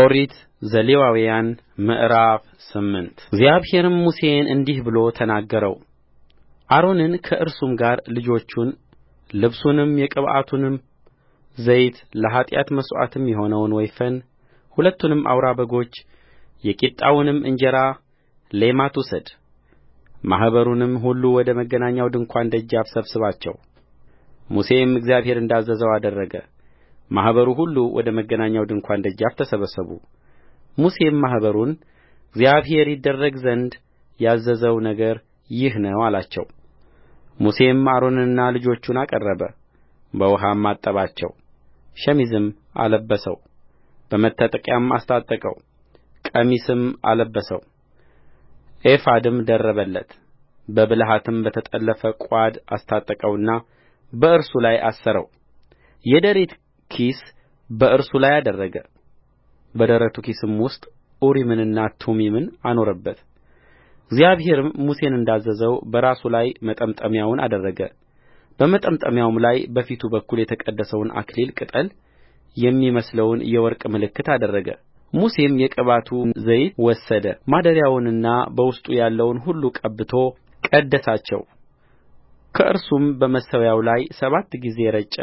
ኦሪት ዘሌዋውያን ምዕራፍ ስምንት እግዚአብሔርም ሙሴን እንዲህ ብሎ ተናገረው አሮንን ከእርሱም ጋር ልጆቹን ልብሱንም የቅብዓቱንም ዘይት ለኃጢአት መሥዋዕትም የሆነውን ወይፈን ሁለቱንም አውራ በጎች የቂጣውንም እንጀራ ሌማት ውሰድ ማኅበሩንም ሁሉ ወደ መገናኛው ድንኳን ደጃፍ ሰብስባቸው ሙሴም እግዚአብሔር እንዳዘዘው አደረገ ማኅበሩ ሁሉ ወደ መገናኛው ድንኳን ደጃፍ ተሰበሰቡ ሙሴም ማኅበሩን እግዚአብሔር ይደረግ ዘንድ ያዘዘው ነገር ይህ ነው አላቸውሙሴም አሮንንና ልጆቹን አቀረበ፣ በውኃም አጠባቸው፣ ሸሚዝም አለበሰው፣ በመታጠቂያም አስታጠቀው፣ ቀሚስም አለበሰው፣ ኤፉድም ደረበለት። በብልሃትም በተጠለፈ ቋድ አስታጠቀውና በእርሱ ላይ አሰረው። የደረት ኪስ በእርሱ ላይ አደረገ በደረቱ ኪስም ውስጥ ኡሪምንና ቱሚምን አኖረበት እግዚአብሔርም ሙሴን እንዳዘዘው በራሱ ላይ መጠምጠሚያውን አደረገ በመጠምጠሚያውም ላይ በፊቱ በኩል የተቀደሰውን አክሊል ቅጠል የሚመስለውን የወርቅ ምልክት አደረገ ሙሴም የቅብዓቱን ዘይት ወሰደ ማደሪያውንና በውስጡ ያለውን ሁሉ ቀብቶ ቀደሳቸው ከእርሱም በመሠዊያው ላይ ሰባት ጊዜ ረጨ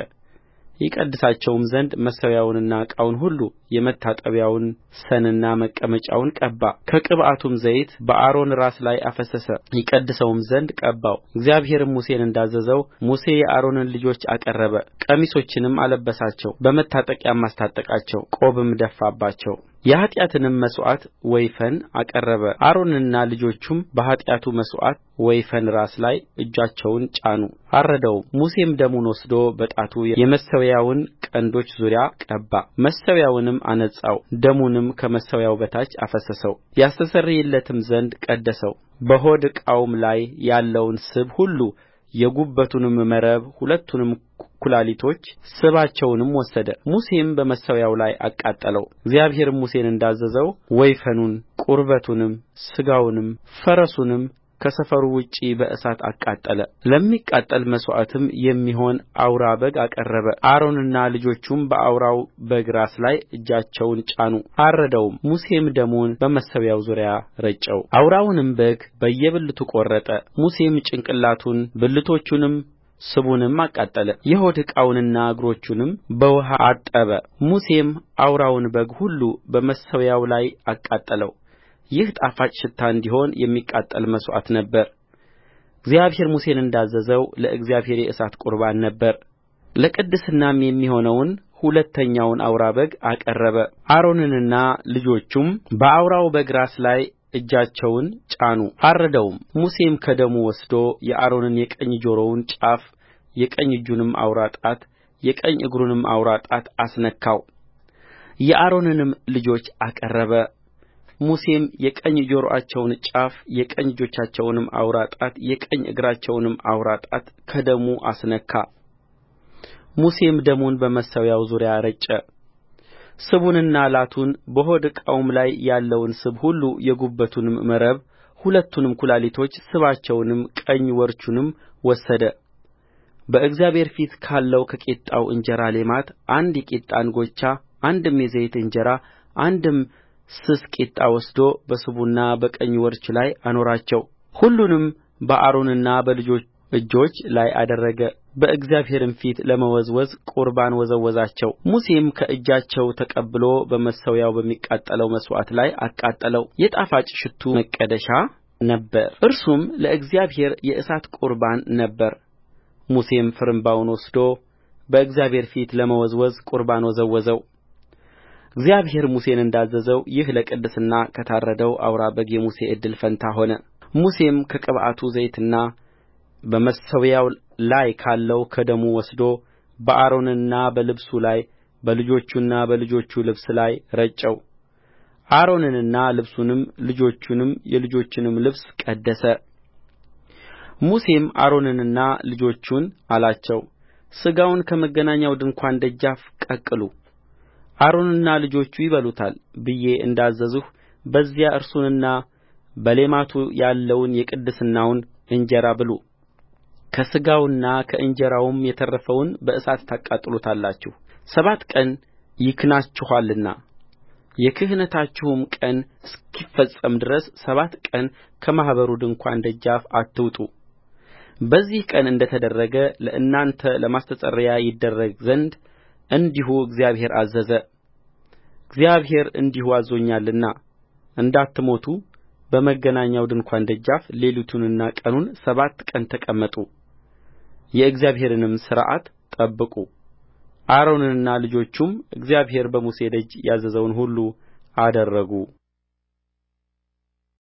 ይቀድሳቸውም ዘንድ መሠዊያውንና ዕቃውን ሁሉ የመታጠቢያውን ሰንና መቀመጫውን ቀባ ከቅብዓቱም ዘይት በአሮን ራስ ላይ አፈሰሰ ይቀድሰውም ዘንድ ቀባው እግዚአብሔርም ሙሴን እንዳዘዘው ሙሴ የአሮንን ልጆች አቀረበ ቀሚሶችንም አለበሳቸው በመታጠቂያም አስታጠቃቸው ቆብም ደፋባቸው የኃጢአትንም መሥዋዕት ወይፈን አቀረበ አሮንና ልጆቹም በኃጢአቱ መሥዋዕት ወይፈን ራስ ላይ እጃቸውን ጫኑ አረደውም ሙሴም ደሙን ወስዶ በጣቱ የመሠዊያውን ቀንዶች ዙሪያ ቀባ መሠዊያውንም አነጻው ደሙንም ከመሠዊያው በታች አፈሰሰው ያስተሰርይለትም ዘንድ ቀደሰው በሆድ ዕቃውም ላይ ያለውን ስብ ሁሉ የጕበቱንም መረብ ሁለቱንም ኵላሊቶች ስባቸውንም ወሰደ ሙሴም በመሠዊያው ላይ አቃጠለው እግዚአብሔርም ሙሴን እንዳዘዘው ወይፈኑን ቁርበቱንም ሥጋውንም ፈረሱንም ከሰፈሩ ውጭ በእሳት አቃጠለለሚቃጠል መሥዋዕትም የሚሆን አውራ በግ አቀረበ አሮንና ልጆቹም በአውራው በግ ራስ ላይ እጃቸውን ጫኑ አረደውም። ሙሴም ደሙን በመሠዊያው ዙሪያ ረጨው አውራውንም በግ በየብልቱ ቈረጠ ሙሴም ጭንቅላቱን ብልቶቹንም ስቡንም አቃጠለ የሆድ ዕቃውንና እግሮቹንም በውኃ አጠበ ሙሴም አውራውን በግ ሁሉ በመሠዊያው ላይ አቃጠለው ይህ ጣፋጭ ሽታ እንዲሆን የሚቃጠል መሥዋዕት ነበረ እግዚአብሔር ሙሴን እንዳዘዘው ለእግዚአብሔር የእሳት ቍርባን ነበረለቅድስናም የሚሆነውን ሁለተኛውን አውራ በግ አቀረበ አሮንና ልጆቹም በአውራው በግ ራስ ላይ እጃቸውን ጫኑ አረደውም ሙሴም ከደሙ ወስዶ የአሮንን የቀኝ ጆሮውን ጫፍ የቀኝ እጁንም አውራ ጣት የቀኝ እግሩንም አውራ ጣት አስነካው የአሮንንም ልጆች አቀረበ ሙሴም የቀኝ ጆሮአቸውን ጫፍ የቀኝ እጃቸውንም አውራ ጣት የቀኝ እግራቸውንም አውራ ጣት ከደሙ አስነካ ሙሴም ደሙን በመሠዊያው ዙሪያ ረጨ ስቡንና ላቱን በሆድ ዕቃውም ላይ ያለውን ስብ ሁሉ የጉበቱንም መረብ ሁለቱንም ኩላሊቶች ስባቸውንም ቀኝ ወርቹንም ወሰደ በእግዚአብሔር ፊት ካለው ከቂጣው እንጀራ ሌማት አንድ የቂጣ እንጎቻ አንድም የዘይት እንጀራ አንድም ስስ ቂጣ ወስዶ በስቡና በቀኝ ወርቹ ላይ አኖራቸው ሁሉንም በአሮንና በልጆቹ እጆች ላይ አደረገ በእግዚአብሔርም ፊት ለመወዝወዝ ቍርባን ወዘወዛቸውሙሴም ከእጃቸው ተቀብሎ በመሠዊያው በሚቃጠለው መሥዋዕት ላይ አቃጠለው የጣፋጭ ሽቱ መቀደሻ ነበረ እርሱም ለእግዚአብሔር የእሳት ቍርባን ነበረ ሙሴም ፍርምባውን ወስዶ በእግዚአብሔር ፊት ለመወዝወዝ ቍርባን ወዘወዘው እግዚአብሔር ሙሴን እንዳዘዘው ይህ ለቅድስና ከታረደው አውራ በግ የሙሴ እድል ፈንታ ሆነ። ሙሴም ከቅብዓቱ ዘይትና በመሠዊያው ላይ ካለው ከደሙ ወስዶ በአሮንና በልብሱ ላይ በልጆቹና በልጆቹ ልብስ ላይ ረጨው። አሮንንና ልብሱንም ልጆቹንም የልጆቹንም ልብስ ቀደሰ። ሙሴም አሮንንና ልጆቹን አላቸው፣ ሥጋውን ከመገናኛው ድንኳን ደጃፍ ቀቅሉ አሮንና ልጆቹ ይበሉታል ብዬ እንዳዘዝሁ በዚያ እርሱንና በሌማቱ ያለውን የቅድስናውን እንጀራ ብሉ ከሥጋውና ከእንጀራውም የተረፈውን በእሳት ታቃጥሉታላችሁ። ሰባት ቀን ይክናችኋልና የክህነታችሁም ቀን እስኪፈጸም ድረስ ሰባት ቀን ከማኅበሩ ድንኳን ደጃፍ አትውጡ በዚህ ቀን እንደ ተደረገ ለእናንተ ለማስተስረያ ይደረግ ዘንድ እንዲሁ እግዚአብሔር አዘዘ እግዚአብሔር እንዲሁ አዝዞኛልና እንዳትሞቱ በመገናኛው ድንኳን ደጃፍ ሌሊቱንና ቀኑን ሰባት ቀን ተቀመጡ የእግዚአብሔርንም ሥርዓት ጠብቁ አሮንና ልጆቹም እግዚአብሔር በሙሴ እጅ ያዘዘውን ሁሉ አደረጉ